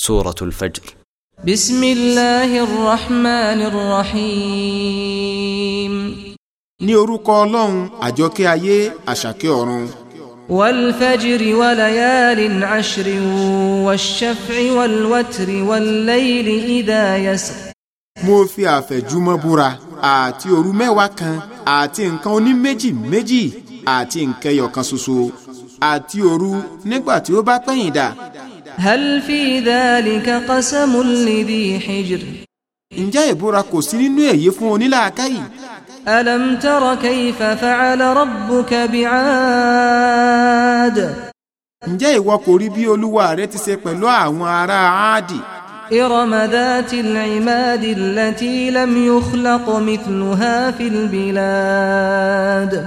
سورة الفجر بسم الله الرحمن الرحيم ní orúkọ ọlọ́run àjọkẹ́ ayé àṣàkẹ́ ọ̀run. والفجر وليال عشر والشفع والوتر والليل إذا يسر. mo fi àfẹ̀júmọ́ búra àti òru mẹ́wàá kan àti nǹkan oní méjì méjì àti nǹkan ẹyọ̀kan ṣoṣo àti òru nígbà tí ó bá pẹ̀yìn dà هل في ذلك قسم لذي حجر ǹjẹ́ ìbúra kò sí nínú èyí fún onílàákàyè. ألم تر كيف فعل ربك بعاد ǹjẹ́ ìwọ kò rí bí olúwa rẹ ti ṣe pẹ̀lú àwọn ará áádì. إرم ذات العماد التي لم يخلق مثلها في البلاد.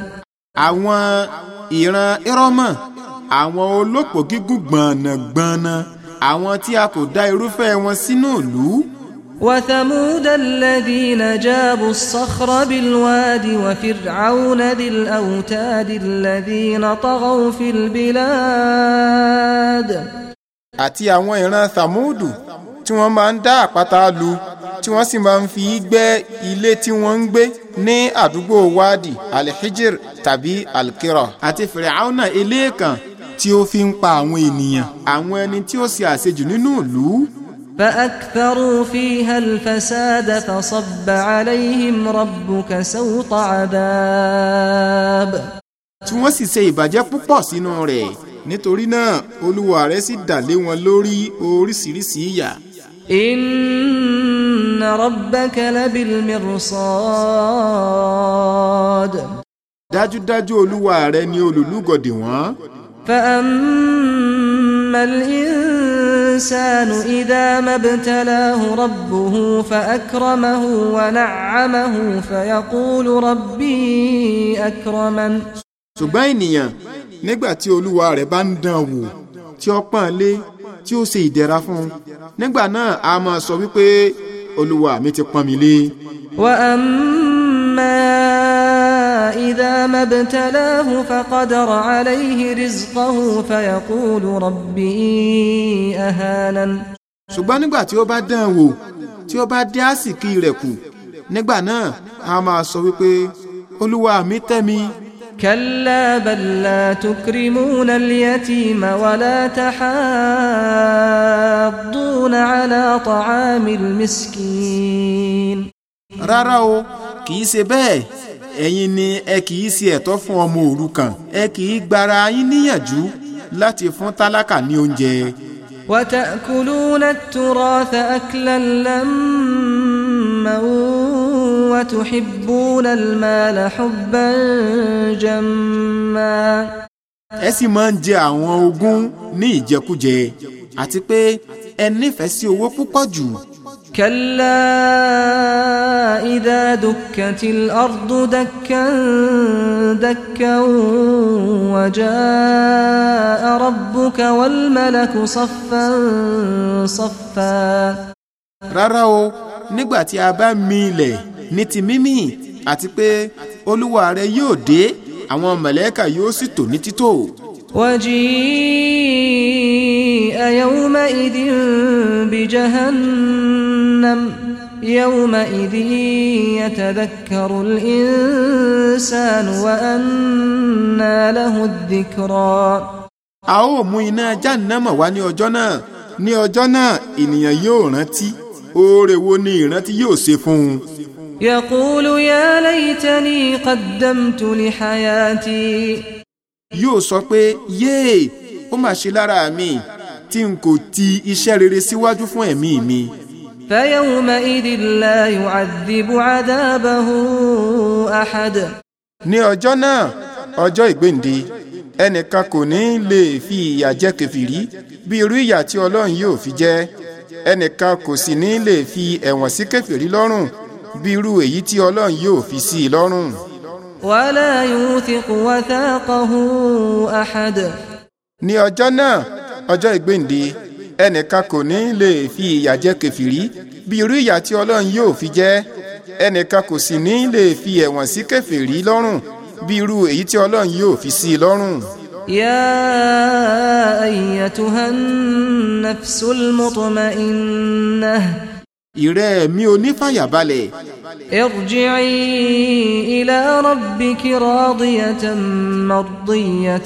àwọn ìran ìrọmọ àwọn olópò gígùn gbọ̀nàgbọ̀nà àwọn tí a kò dá irúfẹ́ wọn sínú ìlú. وثمود الَّذِينَ جابوا الصخر بالواد وفرعون ذي الأوتاد الذين طغوا في البلاد àti àwọn ìran Thamudu tí wọ́n máa ń dá àpáta lu tí wọ́n sì máa ń fi gbẹ́ ilé tí wọ́n ń gbé ní àdúgbò wadi alhijir tàbí alkira àti fìrìhánà eléèkàn tí ó fi ń pa àwọn ènìyàn àwọn ẹni tí ó ṣe àṣejù nínú ìlú. فأكثروا فيها الفساد فصب عليهم ربك سوط عذاب tí wọ́n sì ṣe ìbàjẹ́ púpọ̀ sínú rẹ̀ nítorí náà olúwa rẹ̀ sì dà wọn lórí oríṣiríṣi ìyà. إن ربك لبالمرصاد. dájúdájú olúwa rẹ ni olùlúgọ̀dì wọn. فأما الإنسان إذا ما ابتلاه ربه فأكرمه ونعمه فيقول ربي أكرمن ṣùgbọ́n ènìyàn nígbà tí olúwa rẹ̀ bá ń dán wò tí ó pọ́n lé tí ó ṣe ìdẹ̀ra fún un nígbà náà a máa sọ wípé olúwa mi ti pọ́n mi lé. wàá máa. إذا ما ابتلاه فقدر عليه رزقه فيقول ربي أهانن ṣùgbọ́n nígbà tí ó bá dán wò tí ó bá dé àsìkí rẹ̀ kù nígbà náà a máa sọ wípé olúwa mi tẹ́ mi. كلا بل لا تكرمون اليتيم ولا تحاضون على طعام المسكين. rárá o kì í ṣe bẹ́ẹ̀ ẹ̀yin ni ẹ kì í ṣe ẹ̀tọ́ fún ọmọ òrukàn ẹ kì í gbara yín níyànjú láti fún tálákà ní oúnjẹ. وتأكلون التراث أكلا لما وتحبون المال حبا جما ẹ sì máa ń jẹ àwọn ogún ní ìjẹkújẹ àti pé ẹ nífẹ̀ẹ́ sí owó púpọ̀ jù كلا إذا دكت الأرض دكا دكا وجاء ربك والملك صفا صفا rárá o nígbà tí a bá mi ilẹ̀ ní ti mímì àti pé olúwa rẹ yóò dé àwọn mọ̀lẹ́kà yóò sì tò ní títò. وجيء يومئذ بجهنم جهنم يومئذ يتذكر الإنسان وأنى له الذكرى a ó mú iná jahannama wá ní ọjọ́ náà ní ọjọ́ náà ènìyàn yóò rántí oore wo ni ìrántí yóò ṣe fún un. يقول يا ليتني قدمت لحياتي. yóò sọ pé yéè ó mà ṣe lára mi tí n kò ti iṣẹ́ rere síwájú fún ẹ̀mí mi. فيومئذ لا يعذب عذابه أحد ní ọjọ́ náà ọjọ́ ìgbéǹde ẹnìkan kò ní lè fi ìyà jẹ kẹfìrí bí irú ìyà tí ọlọ́run yóò fi jẹ ẹnìkan kò sì ní lè fi ẹ̀wọ̀n sí kẹfìrí lọ́rùn bí irú èyí tí ọlọ́run yóò fi sí i lọ́rùn. wala yuthiqu wathaqahu ahad. ní ọjọ́ náà ọjọ́ ìgbéǹde ẹnìkan kò ní lè fi ìyà jẹ kẹfìrí bí irú ìyà tí ọlọ́run yóò fi jẹ ẹnìkan kò sì ní lè fi ẹ̀wọ̀n sí kẹfìrí lọ́rùn bí irú èyí tí ọlọ́run yóò fi sí i lọ́rùn. يا أيتها النفس المطمئنة. ìrẹ́ mi ò ní fàyàbalẹ̀ ارجعي إلى ربك راضية مرضية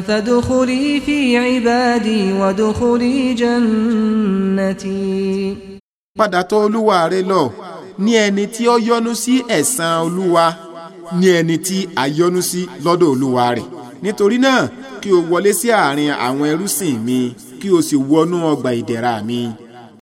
فادخلي في عبادي وادخلي جنتي padà tọ̀ olúwa rẹ lọ ní ẹni tí ó yọ́nú sí ẹ̀san olúwa ní ẹni tí a yọ́nú sí lọ́dọ̀ olúwa rẹ̀ nítorí náà kí o wọlé sí àárín àwọn ẹrúsìn mi kí o sì wọnú ọgbà ìdẹ̀ra mi.